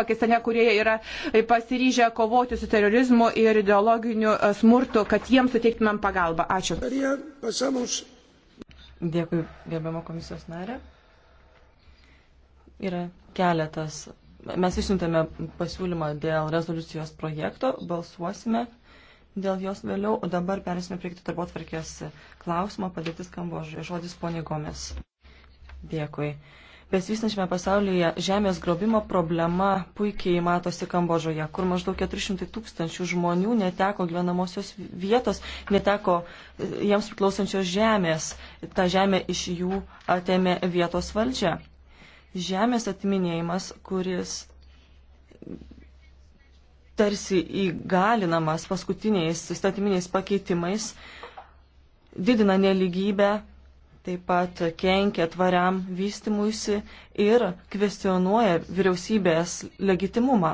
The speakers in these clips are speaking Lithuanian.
Pakistane, kurie yra pasiryžę kovoti su terorizmu ir ideologiniu e, smurtu, kad jiems suteiktumėm pagalbą. Ačiū. Dėkui, gerbiamo komisijos narė. Yra keletas. Mes išsiuntėme pasiūlymą dėl rezoliucijos projekto, balsuosime dėl jos vėliau, o dabar perėsime prie kitų darbo tvarkės klausimą, padėtis kambožė. Žodis ponė Gomes. Dėkui. Besivystančiame pasaulyje žemės grobimo problema puikiai matosi Kambožoje, kur maždaug 400 tūkstančių žmonių neteko gyvenamosios vietos, neteko e, jiems priklausančios žemės. Ta žemė iš jų atėmė vietos valdžia. Žemės atiminėjimas, kuris tarsi įgalinamas paskutiniais įstatyminiais pakeitimais, didina neligybę taip pat kenkia tvariam vystimuisi ir kvestionuoja vyriausybės legitimumą.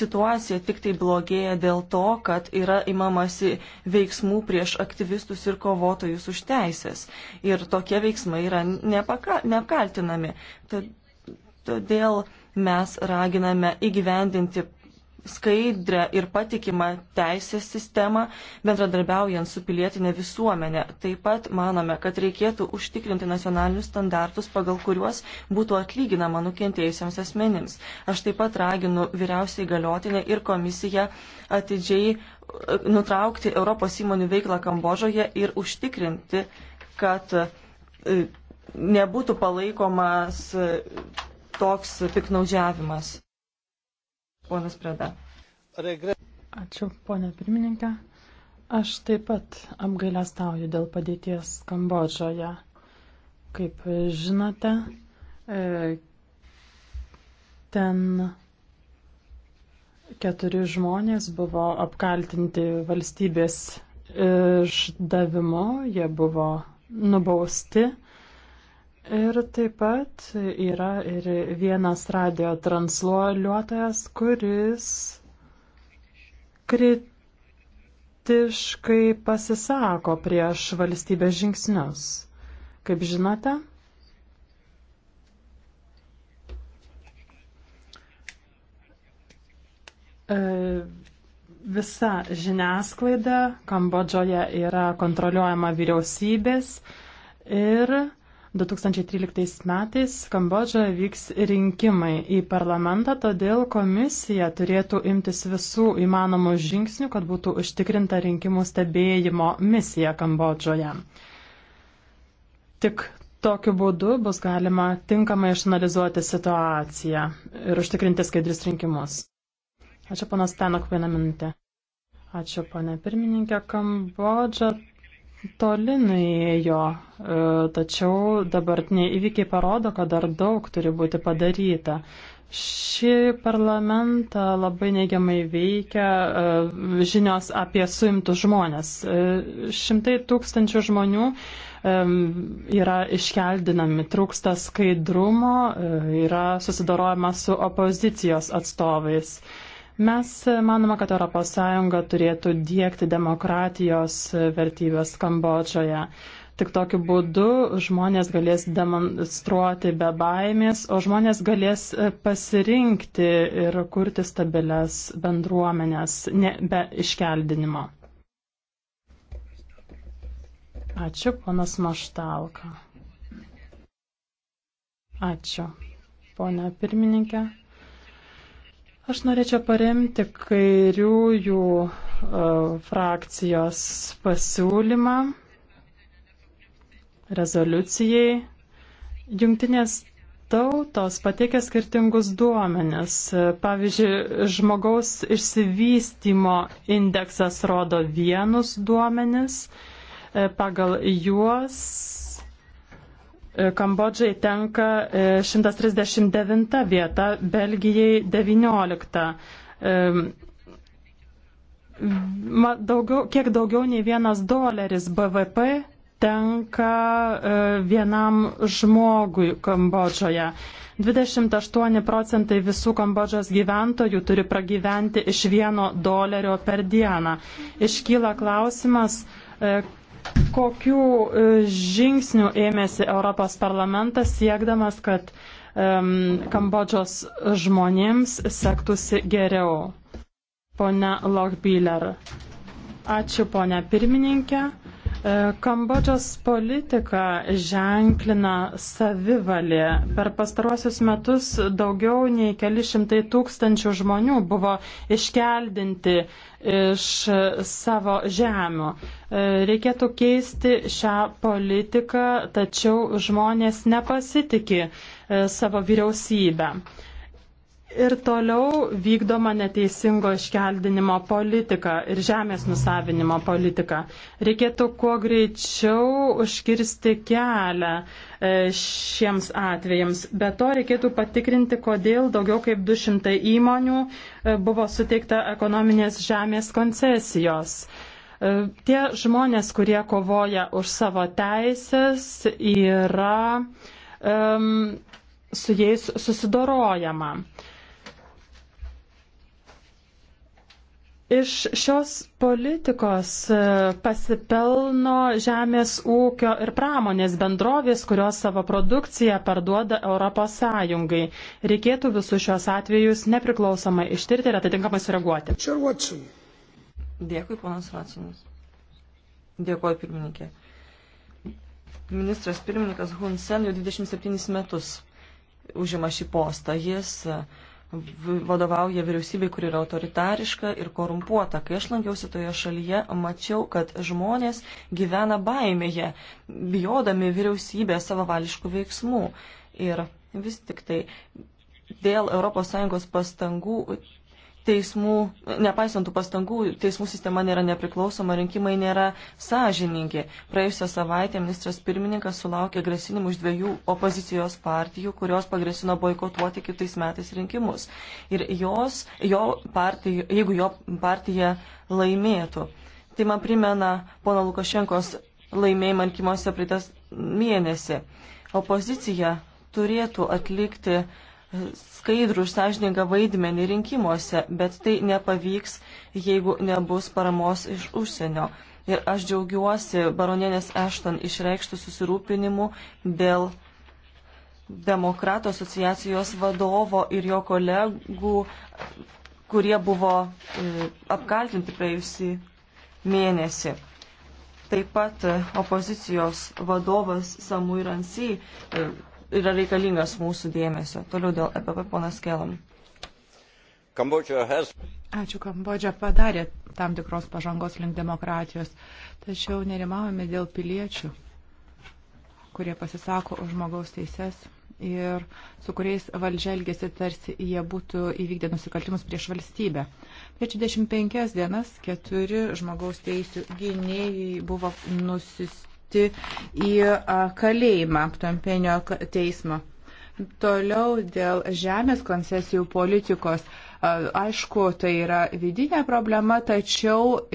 Situacija tik tai blogėja dėl to, kad yra imamasi veiksmų prieš aktyvistus ir kovotojus už teisės. Ir tokie veiksmai yra nepaka, neapkaltinami. Todėl mes raginame įgyvendinti skaidrę ir patikimą teisės sistemą, bendradarbiaujant su pilietinė visuomenė. Taip pat manome, kad reikėtų užtikrinti nacionalinius standartus, pagal kuriuos būtų atlyginama nukentėjusiems asmenims. Aš taip pat raginu vyriausiai galiotinę ir komisiją atidžiai e, nutraukti Europos įmonių veiklą Kambožoje ir užtikrinti, kad e, nebūtų palaikomas e, toks piknaudžiavimas. Ponas Preda. Ačiū, ponė pirmininkė. Aš taip pat apgailestauju dėl padėties Kambodžoje. Kaip žinote, e, ten keturi žmonės buvo apkaltinti valstybės išdavimu, jie buvo nubausti. Ir taip pat yra ir vienas radio transliuotojas, kuris kritiškai pasisako prieš valstybės žingsnius. Kaip žinote, e, visa žiniasklaida Kambodžoje yra kontroliuojama vyriausybės ir 2013 metais Kambodžoje vyks rinkimai į parlamentą, todėl komisija turėtų imtis visų įmanomų žingsnių, kad būtų užtikrinta rinkimų stebėjimo misija Kambodžoje. Tik tokiu būdu bus galima tinkamai išanalizuoti situaciją ir užtikrinti skaidris rinkimus. Ačiū, panas Tenok, vieną minutę. Ačiū, ponė pirmininkė. Kambodža toli nuėjo, e, tačiau dabartiniai įvykiai parodo, kad dar daug turi būti padaryta. Šį parlamentą labai neigiamai veikia e, žinios apie suimtus žmonės. E, šimtai tūkstančių žmonių yra iškeldinami, trūksta skaidrumo, yra susidarojama su opozicijos atstovais. Mes manome, kad ES turėtų dėkti demokratijos vertybės Kambodžoje. Tik tokiu būdu žmonės galės demonstruoti be baimės, o žmonės galės e, pasirinkti ir kurti stabilias bendruomenės ne, be iškeldinimo. Ačiū, ponas Maštalka. Ačiū, ponia pirmininkė. Aš norėčiau paremti kairiųjų e, frakcijos pasiūlymą rezoliucijai. Jungtinės tautos pateikia skirtingus duomenis. Pavyzdžiui, žmogaus išsivystymo indeksas rodo vienus duomenis. E, pagal juos E, Kambodžai tenka 139 e, vieta, Belgijai 19. E, daugiau, kiek daugiau nei vienas doleris BVP tenka vienam žmogui Kambodžoje. 28 procentai visų Kambodžos gyventojų turi pragyventi iš vieno dolerio per dieną. Iškyla klausimas, Kokių e, žingsnių ėmėsi Europos parlamentas siekdamas, kad um, Kambodžos žmonėms sektųsi geriau? Pone Lochbiller. Ačiū, ponia pirmininkė. E, Kambodžos politiką ženklina savivalė. Per pastaruosius metus daugiau nei keli šimtai tūkstančių žmonių buvo iškeldinti iš savo žemių. E, Reikėtų keisti šią politiką, tačiau žmonės nepasitikė e, savo vyriausybę ir toliau vykdoma neteisingo iškeldinimo politika ir žemės nusavinimo politika. Reikėtų kuo greičiau užkirsti kelią e, šiems atvejams. Be to reikėtų patikrinti, kodėl daugiau kaip 200 įmonių e, buvo suteikta ekonominės žemės koncesijos. E, tie žmonės, kurie kovoja už savo teisės, yra um, su jais susidorojama. Uh, Iš šios politikos e, pasipelno žemės ūkio ir pramonės bendrovės, kurios savo produkciją parduoda Europos Sąjungai. Reikėtų visus šios atvejus nepriklausomai ištirti ir atitinkamai sureaguoti. Dėkui, ponas Vatsonas. Dėkuoju, pirmininkė. Ministras pirmininkas Hun Sen jau 27 metus užima šį postą. Jis uh, vadovauja vyriausybei, kuri yra autoritariška ir korumpuota. Kai aš lankiausi toje šalyje, mačiau, kad žmonės gyvena baimėje, bijodami vyriausybės savavališkų veiksmų. Ir vis tik tai dėl ES pastangų teismų, nepaisant tų pastangų, teismų sistema nėra nepriklausoma, rinkimai nėra sąžiningi. Praėjusią savaitę ministras pirmininkas sulaukė grasinimų iš dviejų opozicijos partijų, kurios pagrasino boikotuoti kitais metais rinkimus. Ir jos, jo partija, jeigu jo partija laimėtų. Tai man primena pono Lukašenkos laimėjimą rinkimuose pritas mėnesį. Opozicija turėtų atlikti uh, skaidrų ir sąžiningą vaidmenį rinkimuose, bet tai nepavyks, jeigu nebus paramos iš užsienio. Ir aš džiaugiuosi baronienės Ešton išreikštų susirūpinimu dėl demokratų asociacijos vadovo ir jo kolegų, kurie buvo e, apkaltinti praėjusį mėnesį taip pat e, opozicijos vadovas Samui Ransi e, yra reikalingas mūsų dėmesio. Toliau dėl EPP ponas Kelam. Has... Ačiū, Kambodža padarė tam tikros pažangos link demokratijos, tačiau nerimavome dėl piliečių, kurie pasisako už žmogaus teises ir su kuriais valdžia elgėsi tarsi jie būtų įvykdę nusikaltimus prieš valstybę. Prieš 25 dienas keturi žmogaus teisų gynėjai buvo nusis, patekti į kalėjimą Ptompenio teismo. Toliau dėl žemės koncesijų politikos. Aišku, tai yra vidinė problema, tačiau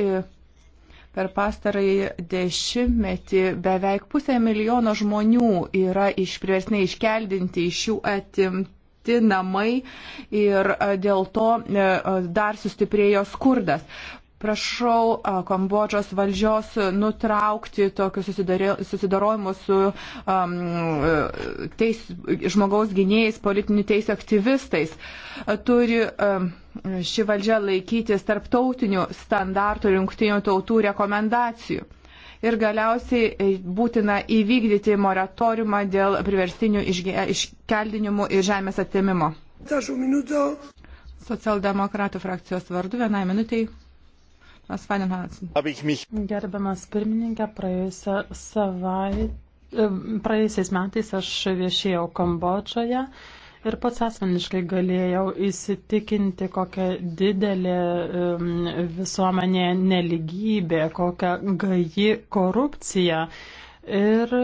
per pastarąjį dešimtmetį beveik pusę milijono žmonių yra iš priversnai iškeldinti, iš jų atimti namai ir dėl to e, dar sustiprėjo skurdas. Prašau Kambodžos valdžios nutraukti tokius susidarojimus su um, teis, žmogaus gynėjais, politinių teisų aktyvistais. Turi um, ši valdžia laikytis tarptautinių standartų ir jungtinių tautų rekomendacijų. Ir galiausiai e, būtina įvykdyti moratoriumą dėl priverstinių iškeldinimų ir žemės atimimo. Socialdemokratų frakcijos vardu vienai minutiai. Gerbiamas pirmininkė, praėjusią savaitę, e, praėjusiais metais aš viešėjau Kambodžoje ir pats asmeniškai galėjau įsitikinti, kokia didelė visuomenė neligybė, kokia gaji korupcija ir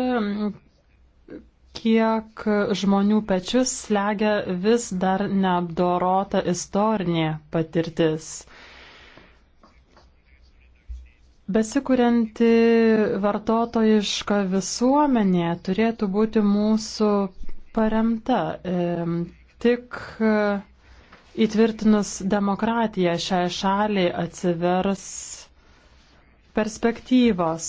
kiek žmonių pečius slegia vis dar neapdorota istorinė patirtis. Besikurianti vartotojiška visuomenė turėtų būti mūsų paremta. E, tik e, įtvirtinus demokratiją šiai šaliai atsivers perspektyvos.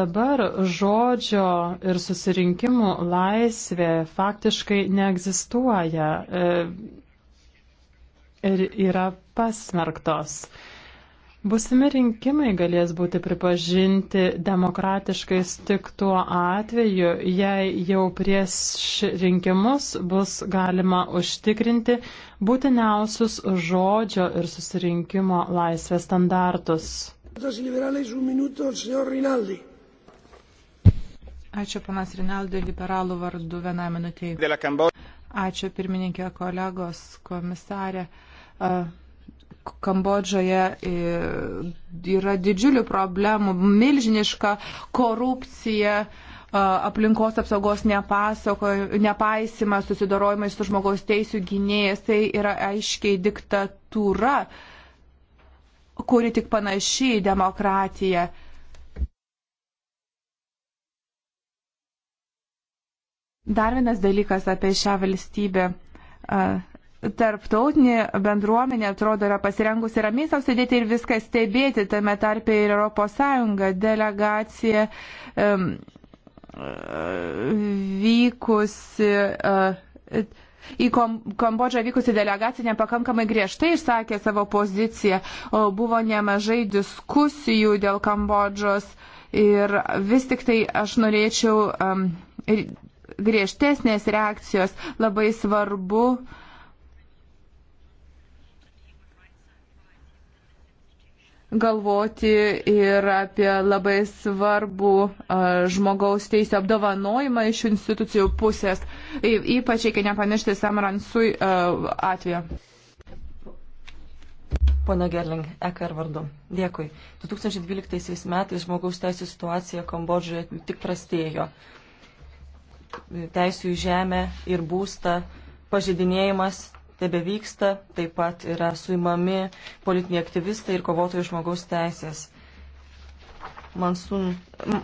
Dabar žodžio ir susirinkimų laisvė faktiškai neegzistuoja e, ir yra pasmerktos. Busimi rinkimai galės būti pripažinti demokratiškais tik tuo atveju, jei jau prieš rinkimus bus galima užtikrinti būtiniausius žodžio ir susirinkimo laisvės standartus. Ačiū panas Rinaldo liberalų vardu vieną minutę. Ačiū pirmininkė kolegos komisarė. Uh, Kambodžoje yra didžiulių problemų, milžiniška korupcija, aplinkos apsaugos nepaisimas, susidarojimai su žmogaus teisų gynėjas, tai yra aiškiai diktatūra, kuri tik panašiai demokratija. Dar vienas dalykas apie šią valstybę. Uh, tarptautinė bendruomenė atrodo yra pasirengusi ramiai savo sėdėti ir viską stebėti, tame tarpe ir ES delegacija um, vykusi. Uh, į Kambodžą vykusi delegacija nepakankamai griežtai išsakė savo poziciją, buvo nemažai diskusijų dėl Kambodžos ir vis tik tai aš norėčiau um, griežtesnės reakcijos, labai svarbu uh, galvoti ir apie labai svarbų žmogaus teisų apdovanojimą iš institucijų pusės, ypač reikia nepamiršti Samaransui atveju. Pone Gerling, EKR vardu. Dėkui. 2012 metais žmogaus teisų situacija Kambodžoje tik prastėjo. Teisų į žemę ir būstą pažydinėjimas tebe vyksta, taip pat yra suimami politiniai aktyvistai ir kovotojai žmogaus teisės. Mansun,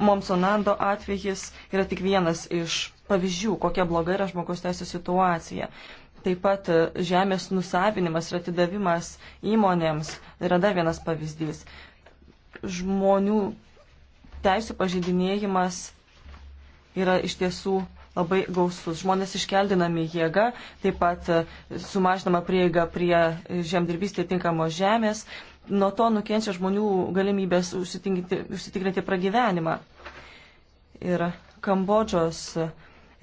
Momsonando atvejis yra tik vienas iš pavyzdžių, kokia bloga yra žmogaus teisų situacija. Taip pat e, žemės nusavinimas ir atidavimas įmonėms yra dar vienas pavyzdys. Žmonių teisų pažydinėjimas yra iš tiesų labai gausus. Žmonės iškeldinami jėga, taip pat e, sumažinama prieiga prie žemdirbystėje tinkamos žemės. Nuo to nukenčia žmonių galimybės užsitikrinti pragyvenimą. Ir Kambodžos uh,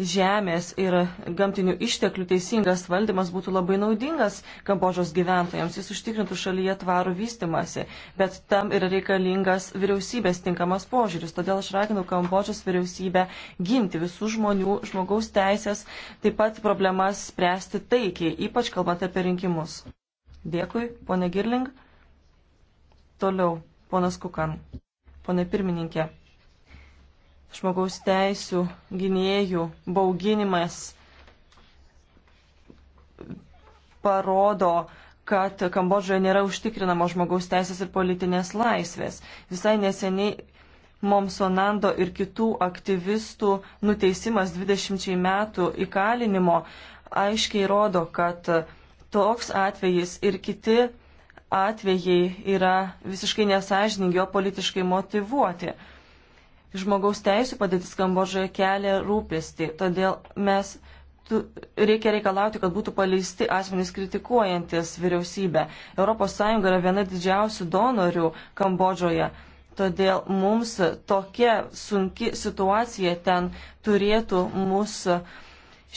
žemės ir gamtinių išteklių teisingas valdymas būtų labai naudingas Kambožos gyventojams. Jis užtikrintų šalyje tvarų vystimasi, bet tam yra reikalingas vyriausybės tinkamas požiūris. Todėl aš raginu Kambožos vyriausybę ginti visų žmonių, žmogaus teisės, taip pat problemas spręsti taikiai, ypač kalbant apie rinkimus. Dėkui, ponė Girling. Toliau, ponas Kukan. Pone pirmininkė žmogaus teisų gynėjų bauginimas parodo, kad Kambodžoje nėra užtikrinama žmogaus teisės ir politinės laisvės. Visai neseniai Momsonando ir kitų aktyvistų nuteisimas 20 metų įkalinimo aiškiai rodo, kad toks atvejis ir kiti atvejai yra visiškai nesažiningi, o politiškai motivuoti žmogaus teisų padėtis Kambodžoje kelia rūpestį. Todėl mes tu, reikia reikalauti, kad būtų paleisti asmenys kritikuojantis vyriausybę. ES yra viena didžiausių donorių Kambodžoje. Todėl mums tokia sunki situacija ten turėtų mus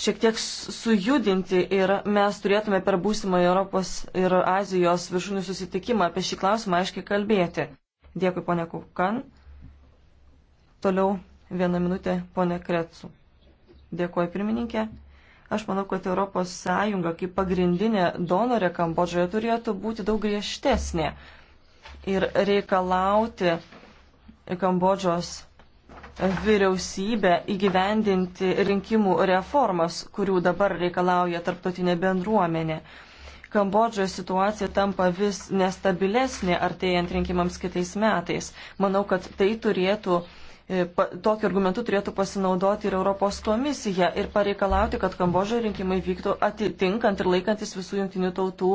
šiek tiek sujudinti ir mes turėtume per būsimą Europos ir Azijos viršūnių susitikimą apie šį klausimą aiškiai kalbėti. Dėkui, ponia Kukan. Toliau vieną minutę, ponė Kretsu. Dėkuoju, pirmininkė. Aš manau, kad Europos Sąjunga kaip pagrindinė donorė Kambodžoje turėtų būti daug griežtesnė ir reikalauti Kambodžos vyriausybę įgyvendinti rinkimų reformas, kurių dabar reikalauja tarptautinė bendruomenė. Kambodžoje situacija tampa vis nestabilesnė artėjant rinkimams kitais metais. Manau, kad tai turėtų uh, E, tokiu argumentu turėtų pasinaudoti ir Europos komisija ir pareikalauti, kad Kambožoje rinkimai vyktų atitinkant ir laikantis visų jungtinių tautų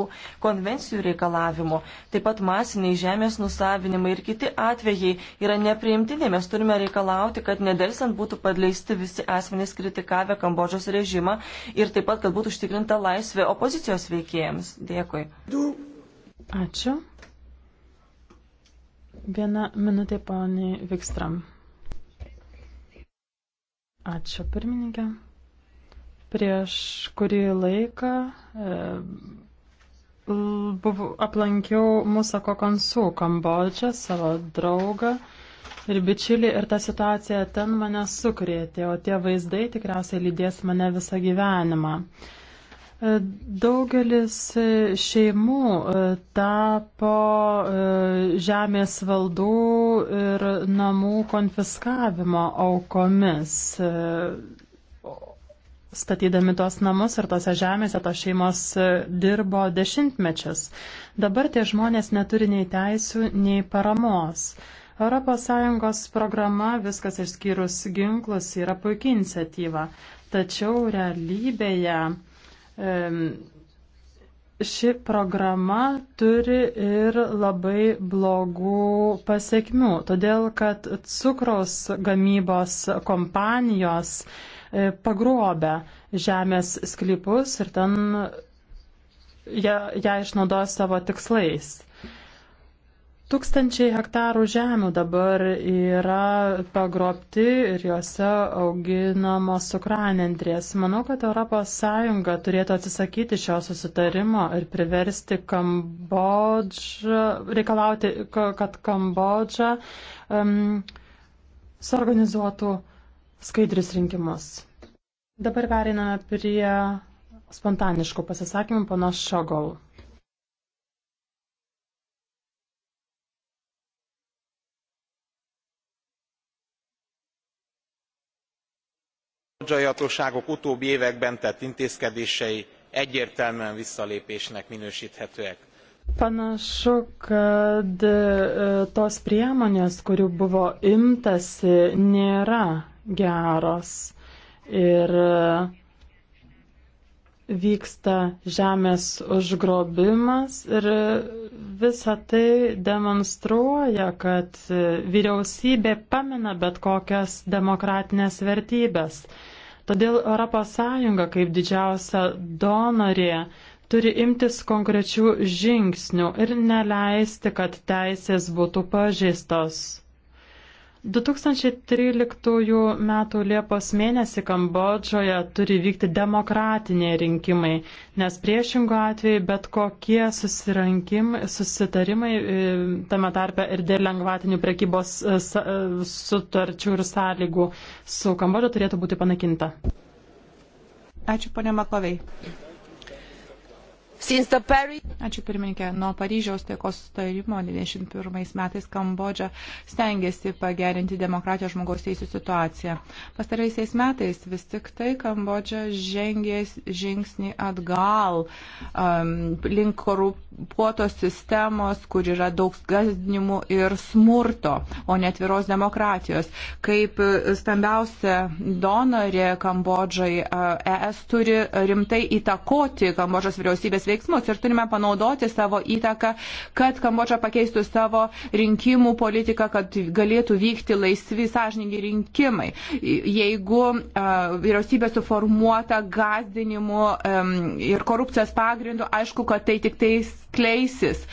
konvencijų reikalavimų. Taip pat masiniai žemės nusavinimai ir kiti atvejai yra nepriimtini. Mes turime reikalauti, kad nedelsant būtų padleisti visi asmenys kritikavę Kambožos režimą ir taip pat, kad būtų užtikrinta laisvė opozicijos veikėjams. Dėkui. Ačiū. Viena minutė, poniai Vikstram. Ačiū pirmininkė. Prieš kurį laiką e, buvau, aplankiau Musako Konsų Kambodžą, savo draugą ir bičiulį, ir ta situacija ten mane sukrėtė, o tie vaizdai tikriausiai lydės mane visą gyvenimą. E, E, daugelis e, šeimų e, tapo žemės valdų ir namų konfiskavimo aukomis. Statydami tos namus ir tose žemėse tos šeimos dirbo dešimtmečius. Dabar tie žmonės neturi nei teisų, nei paramos. ES programa Viskas išskyrus ginklus yra puikia iniciatyva, tačiau realybėje ši programa turi ir labai blogų pasiekmių, todėl kad cukraus gamybos kompanijos e, pagrobia žemės sklypus ir ten ją, ją išnaudos savo tikslais. Tūkstančiai hektarų žemių dabar yra pagrobti ir juose auginamos cukranendrės. Manau, kad ES turėtų atsisakyti šio susitarimo ir priversti Kambodžą, reikalauti, kad Kambodža um, suorganizuotų skaidris rinkimus. Dabar periname prie spontaniškų pasisakymų, panas Šogol. kambodzsai hatóságok utóbbi években tett intézkedései egyértelműen visszalépésnek minősthetőek. Panašu, kad e, tos priemonės, kurių buvo imtasi, nėra geros ir e, vyksta žemės užgrobimas ir visa tai demonstruoja, kad e, vyriausybė pamina bet kokias demokratinės vertybės. Todėl ES kaip didžiausia donorė turi imtis konkrečių žingsnių ir neleisti, kad teisės būtų pažeistos. 2013 m. Liepos mėnesį Kambodžoje turi vykti demokratiniai rinkimai, nes priešingų atveju bet kokie susitarimai, e, tame tarpe ir dėl lengvatinių prekybos e, e, sutarčių ir sąlygų su Kambodža turėtų būti panakinta. Ačiū, ponia Makovei. Ačiū pirmininkė. Nuo Paryžiaus taikos sutarimo 91 metais Kambodža stengiasi pagerinti demokratijos žmogaus teisų situaciją. Pastaraisiais metais vis tik tai Kambodža žengė žingsnį atgal um, link korumpuotos sistemos, kur yra daug gazdinimų ir smurto, o ne atviros demokratijos. Kaip stambiausia donorė Kambodžai, uh, ES turi rimtai įtakoti Kambodžos vyriausybės Kambodžos veiksmus ir turime panaudoti savo įtaką, kad Kambodža pakeistų savo rinkimų politiką, kad galėtų vykti laisvi, sąžininkai rinkimai. Jeigu uh, vyriausybė suformuota gazdinimu um, ir korupcijos pagrindu, aišku, kad tai tik tai skleisis.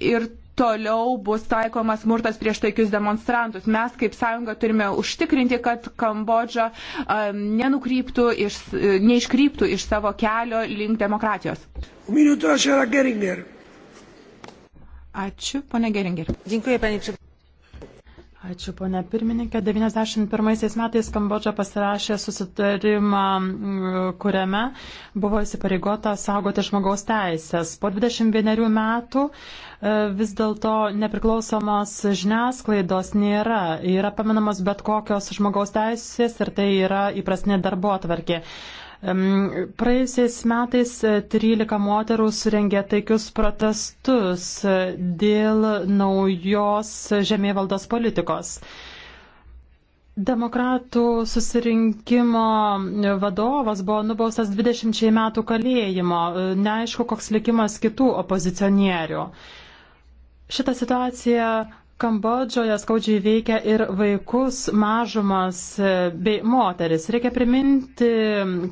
Ir toliau bus taikomas smurtas prieš taikius demonstrantus. Mes kaip sąjunga turime užtikrinti, kad Kambodža um, nenukryptų, iš, neiškryptų iš savo kelio link demokratijos. Ačiū, ponia Geringer. Dziękuję, panie przewodniczący. Ačiū, ponė pirmininkė. 91 metais Kambodža pasirašė susitarimą, mm, kuriame buvo įsipareigota saugoti žmogaus teisės. Po 21 metų e, vis dėlto nepriklausomos žiniasklaidos nėra. Yra paminamos bet kokios žmogaus teisės ir tai yra įprasnė darbo atvarkė. Praėjusiais metais 13 e, moterų surengė taikius protestus e, dėl naujos žemėvaldos politikos. Demokratų susirinkimo vadovas buvo nubaustas 20 metų kalėjimo, e, neaišku, koks likimas kitų opozicionierių. Šitą situaciją Kambodžoje skaudžiai veikia ir vaikus, mažumas bei moteris. Reikia priminti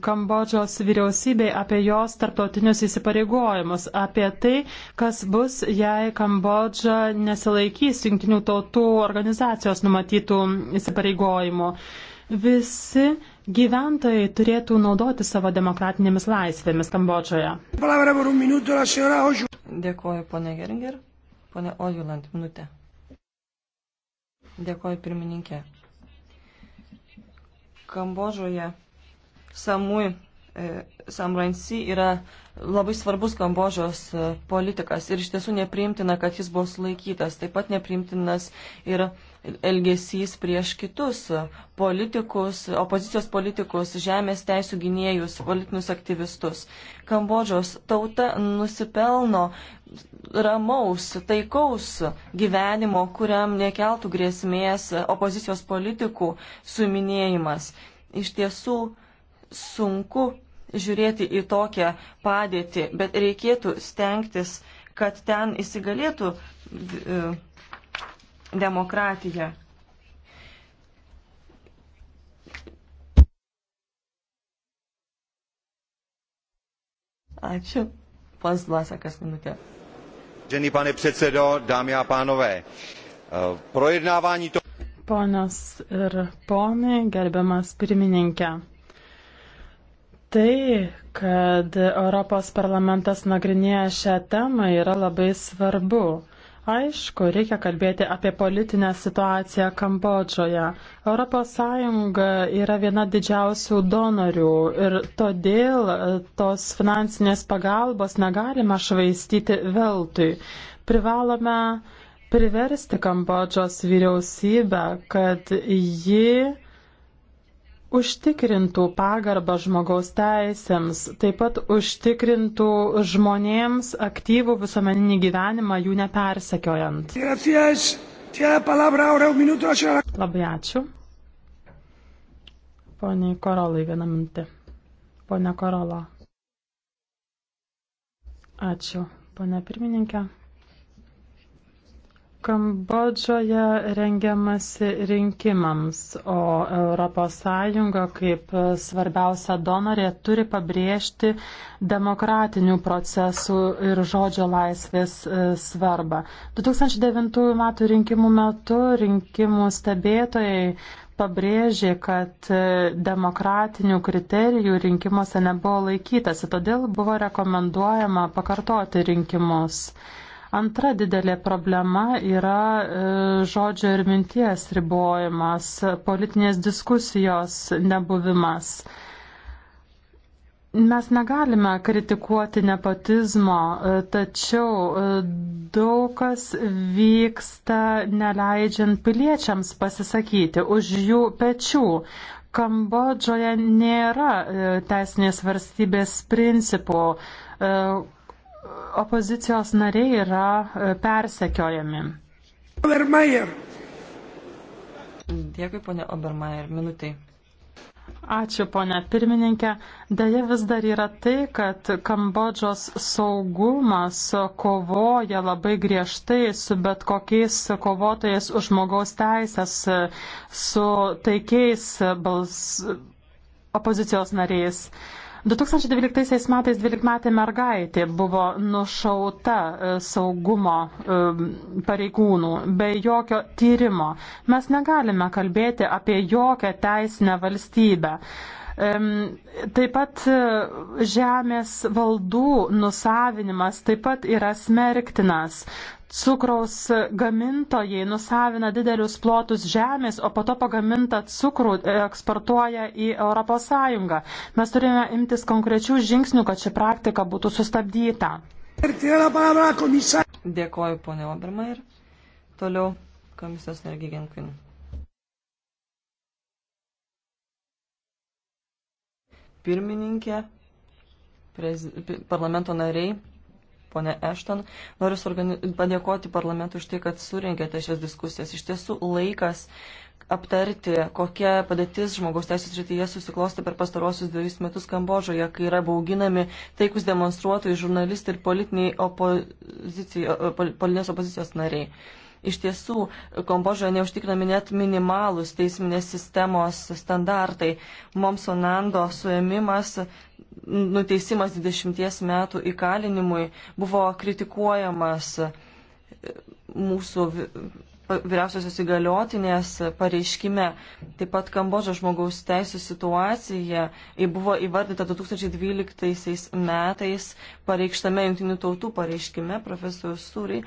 Kambodžos vyriausybei apie jos tarptautinius įsipareigojimus, apie tai, kas bus, jei Kambodža nesilaikys jungtinių tautų organizacijos numatytų įsipareigojimų. Visi gyventojai turėtų naudoti savo demokratinėmis laisvėmis Kambodžoje. Dėkuoju, ponė Geringer. Pone Ojuland, minutę. Dėkoju pirmininkė. Kambodžoje Samui e, Samransi yra labai svarbus Kambožos e, politikas ir iš tiesų nepriimtina, kad jis buvo sulaikytas. Taip pat nepriimtinas ir elgesys prieš kitus politikus, opozicijos politikus, žemės teisų gynėjus, politinius aktyvistus. Kambodžos tauta nusipelno ramaus, taikaus gyvenimo, kuriam nekeltų grėsmės opozicijos politikų suminėjimas. Iš tiesų sunku žiūrėti į tokią padėtį, bet reikėtų stengtis, kad ten įsigalėtų demokratiją. Ačiū. Pans Vlasakas minutė. Žený pane předsedo, dámy a pánové, eh, projednávání to... Ponios ir ponai, gerbiamas pirmininkė. Tai, kad Europos parlamentas nagrinėja šią temą, yra labai svarbu. Aišku, reikia kalbėti apie politinę situaciją Kambodžoje. ES yra viena didžiausių donorių ir todėl tos finansinės pagalbos negalime švaistyti veltui. Privalome priversti Kambodžos vyriausybę, kad ji užtikrintų pagarbą žmogaus teisėms, taip pat užtikrintų žmonėms aktyvų visuomeninį gyvenimą, jų nepersekiojant. Labai ačiū. Pone Korolai, vieną mintį. Pone Korola. Ačiū, pone pirmininkė. Kambodžoje rengiamasi rinkimams, o ES kaip svarbiausia donorė turi pabrėžti demokratinių procesų ir žodžio laisvės e, svarbą. 2009 m. rinkimų metu rinkimų stebėtojai pabrėžė, kad e, demokratinių kriterijų rinkimuose nebuvo laikytasi, todėl buvo rekomenduojama pakartoti rinkimus. Antra didelė problema yra e, žodžio ir minties ribojimas, politinės diskusijos nebuvimas. Mes negalime kritikuoti nepotizmo, e, tačiau e, daug kas vyksta neleidžiant piliečiams pasisakyti už jų pečių. Kambodžoje nėra teisinės varstybės principų, opozicijos nariai yra e, persekiojami. Obermeier. Dėkui, ponė Obermeier, minutai. Ačiū, ponė pirmininkė. Deja vis dar yra tai, kad Kambodžos saugumas kovoja labai griežtai su bet kokiais kovotojais už žmogaus teisės, su taikiais bals... opozicijos nariais. 2012 metais 12-metė mergaitė buvo nušauta e, saugumo e, pareigūnų be jokio tyrimo. Mes negalime kalbėti apie jokią teisinę valstybę. Taip pat e, žemės valdų nusavinimas taip pat yra smerktinas. Cukraus gamintojai nusavina didelius plotus žemės, o po to pagamintą cukrų e, eksportuoja į ES. Mes turime imtis konkrečių žingsnių, kad ši praktika būtų sustabdyta. Dėkoju, ponė Obermair. Toliau komisijos energija Genkvin. pirmininkė, prez, parlamento nariai, ponė Ešton, noriu organi... padėkoti parlamentui už tai, kad surinkėte šias diskusijas. Iš tiesų laikas aptarti, kokia padėtis žmogaus teisės rytyje susiklosti per pastarosius dviejus metus Kambodžoje, kai yra bauginami taikus demonstruotojai, žurnalistai ir politiniai opozicijos, politinės opozicijos nariai. Iš tiesų, Kombožoje neužtikrinami net minimalūs teisminės sistemos standartai. Momsonando suėmimas, nuteisimas 20 metų įkalinimui buvo kritikuojamas mūsų vyriausiosios įgaliotinės pareiškime. Taip pat Kambodžo žmogaus teisų situacija buvo įvardyta 2012 metais pareikštame jungtinių tautų pareiškime. Profesorius Sūriai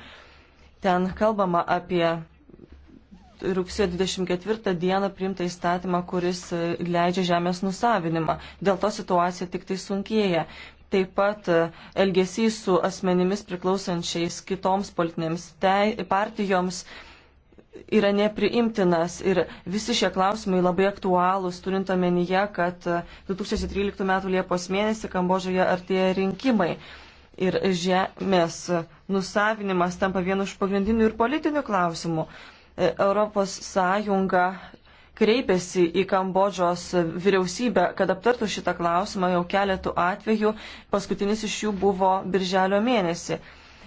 Ten kalbama apie rugsėjo 24 dieną priimtą įstatymą, kuris e, leidžia žemės nusavinimą. Dėl to situacija tik tai sunkėja. Taip pat e, elgesys su asmenimis priklausančiais kitoms politinėms partijoms yra nepriimtinas ir visi šie klausimai labai aktualūs, turint omenyje, kad 2013 e, m. Liepos mėnesį Kambožoje artėja rinkimai ir žemės nusavinimas tampa vienu iš pagrindinių ir politinių klausimų. E, Europos Sąjunga kreipėsi į Kambodžos vyriausybę, kad aptartų šitą klausimą jau keletų atvejų. Paskutinis iš jų buvo birželio mėnesį.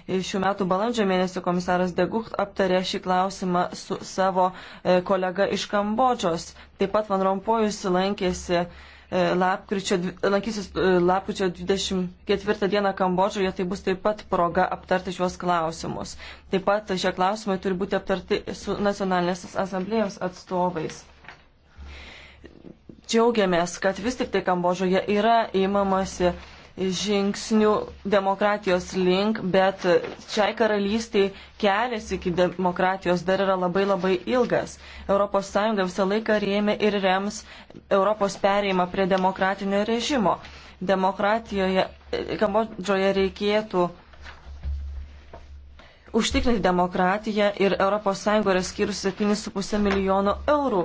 E, šių metų balandžio mėnesį komisaras Degucht aptarė šį klausimą su savo e, kolega iš Kambodžos. Taip pat Van Rompojus lankėsi E, lapkričio, lankysis e, lapkričio 24 dieną Kambodžoje, tai bus taip pat proga aptarti šios klausimus. Taip pat šie klausimai turi būti aptarti su nacionalinės asamblėjos atstovais. Džiaugiamės, kad vis tik tai Kambodžoje yra įmamasi žingsnių demokratijos link, bet šiai karalystiai kelias iki demokratijos dar yra labai labai ilgas. ES visą laiką rėmė ir rems Europos perėjimą prie demokratinio režimo. Demokratijoje, e, Kambodžoje reikėtų užtikrinti demokratiją ir ES yra skirus 7,5 milijono eurų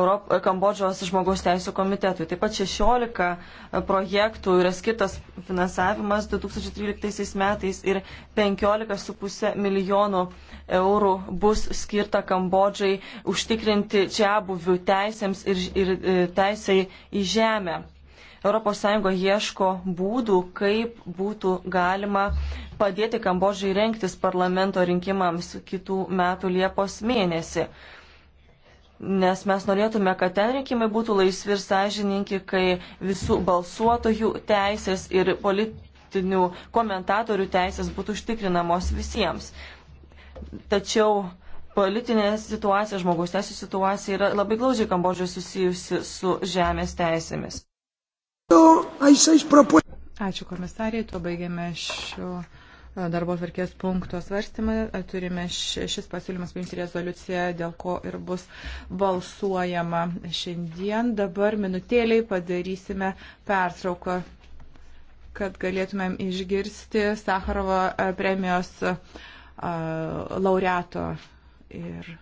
Europ Kambodžos žmogaus teisų komitetui. Taip pat 16 e, projektų yra skirtas finansavimas 2013 metais ir 15,5 milijono eurų bus skirta Kambodžai užtikrinti čia buvių teisėms ir, ir e, teisai į žemę. ES ieško būdų, kaip būtų galima padėti Kambodžai renktis parlamento rinkimams kitų metų Liepos mėnesį. Nes mes norėtume, kad ten rinkimai būtų laisvi ir sąžininki, kai visų balsuotojų teisės ir politinių komentatorių teisės būtų užtikrinamos visiems. Tačiau politinė situacija, žmogaus teisų situacija yra labai glaudžiai Kambodžioje susijusi su žemės teisėmis. Ačiū komisariai, tuo baigiame šio e, darbo tvarkės punkto svarstymą. E, turime šis pasiūlymas priimti rezoliuciją, dėl ko ir bus balsuojama šiandien. Dabar minutėliai padarysime pertrauką, kad galėtumėm išgirsti Sakarovo e, premijos laureato. Ir...